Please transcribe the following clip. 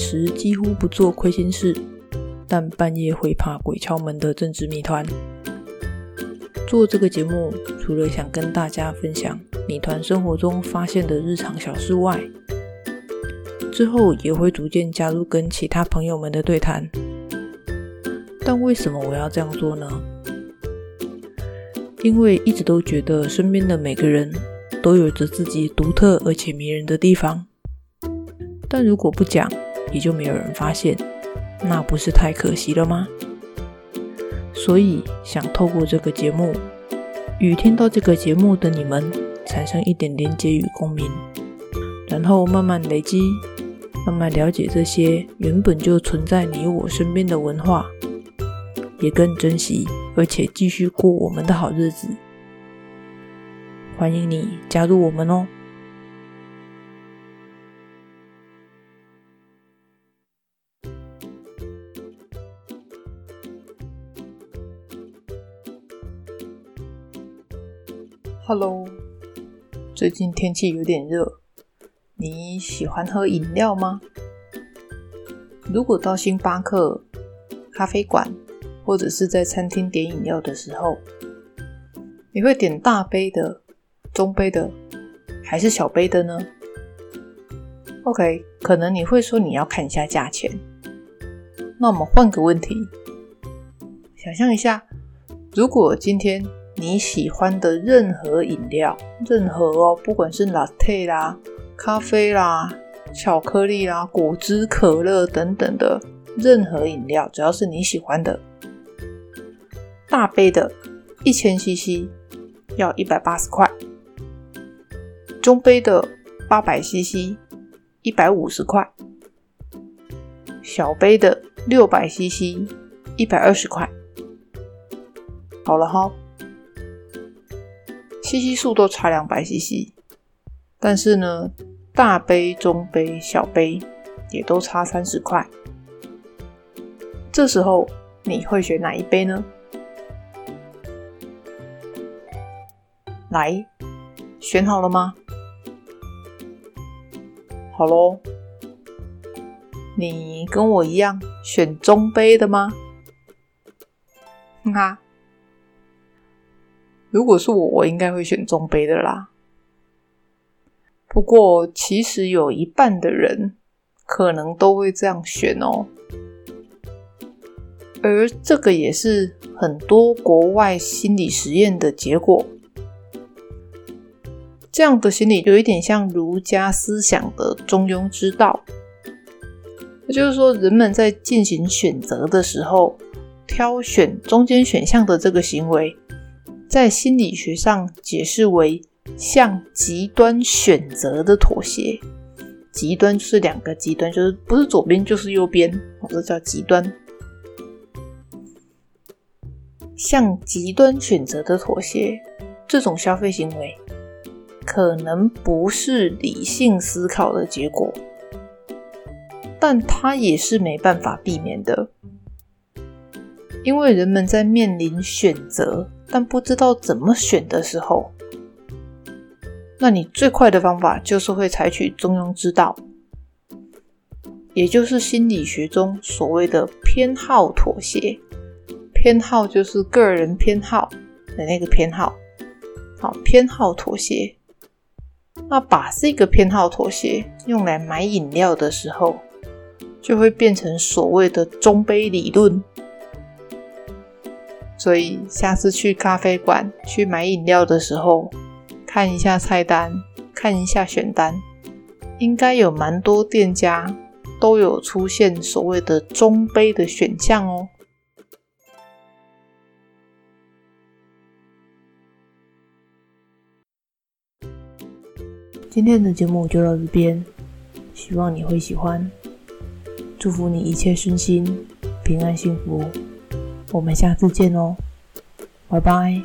時幾乎不做虧心事，但半夜會怕鬼敲門的政治謎團。做這個節目，除了想跟大家分享謎團生活中發現的日常小事外，之後也會逐漸加入跟其他朋友們的對談。但為什麼我要這樣做呢？因為一直都覺得身邊的每個人都有着自己獨特而且迷人的地方，但如果不講。也就沒有人發現，那不是太可惜了嗎？所以想透過這個節目，與聽到這個節目的你們，產生一點點連接與共鳴，然後慢慢累積，慢慢了解這些原本就存在你我身邊的文化，也更珍惜，而且繼續過我們的好日子。歡迎你加入我們哦！Hello，最近天氣有點熱，你喜歡喝飲料嗎？如果到星巴克、咖啡館或者是在餐廳點飲料的時候，你會點大杯的、中杯的還是小杯的呢？OK，可能你會說你要看一下價錢。那我們換個問題，想象一下，如果今天。你喜歡的任何飲料，任何哦、喔，不管是拿鐵啦、咖啡啦、巧克力啦、果汁、可樂等等的任何飲料，只要是你喜歡的。大杯的，一千 CC，要一百八十塊；中杯的，八百 CC，一百五十塊；小杯的，六百 CC，一百二十塊。好了哈。cc 數都差兩百 cc 但是呢，大杯、中杯、小杯也都差三十塊。這時候你會選哪一杯呢？來，選好了嗎？好嘍，你跟我一樣選中杯的嗎？你、嗯、看。如果是我，我應該會選中杯的啦。不過，其實有一半的人可能都會這樣選喔。而這個也是很多國外心理實驗的結果。這樣的心理就有一點像儒家思想的中庸之道，也就是說，人們在進行選擇的時候，挑選中間選項的這個行為。在心理學上解釋為向極端選擇的妥協，極端就是兩個極端，就是不是左邊就是右邊，我這叫極端。向極端選擇的妥協，這種消費行為可能不是理性思考的結果，但它也是沒辦法避免的，因為人們在面臨選擇。但不知道怎麼選的時候，那你最快的方法就是會採取中庸之道，也就是心理學中所謂的偏好妥協。偏好就是個人偏好的那個偏好。好，偏好妥協。那把這個偏好妥協用來買飲料的時候，就會變成所謂的中杯理論。所以下次去咖啡館去買飲料的時候，看一下菜單，看一下選單，應該有蠻多店家都有出現所謂的中杯的選項哦。今天的節目就到這邊，希望你會喜歡，祝福你一切順心，平安幸福。我們下次見哦，拜拜。